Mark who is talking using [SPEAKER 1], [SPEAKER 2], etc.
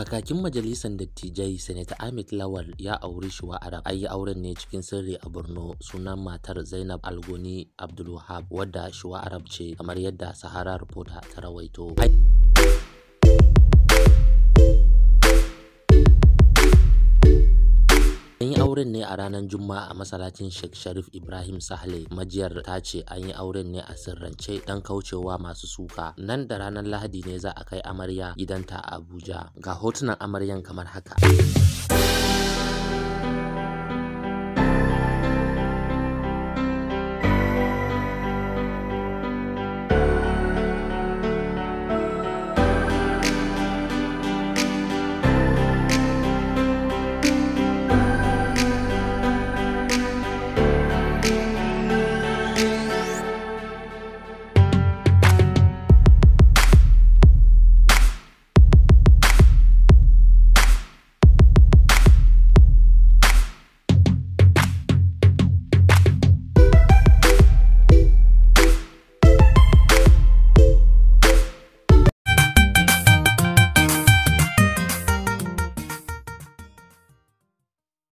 [SPEAKER 1] Kakakin Majalisar Dattijai Seneta Ahmed Lawal ya auri Shuwa Arab. ayi auren ne cikin sirri a Borno sunan matar Zainab Algoni Abdulwahab wadda Shuwa ce kamar yadda Sahara Reporter ta rawaito. auren ne a ranar Juma'a a masallacin Sheikh Sharif Ibrahim Sahle. Majiyar ta ce an yi auren ne a sirrance don kaucewa masu suka. Nan da ranar Lahadi ne za a kai amarya gidanta a Abuja. Ga hotunan amaryan kamar haka.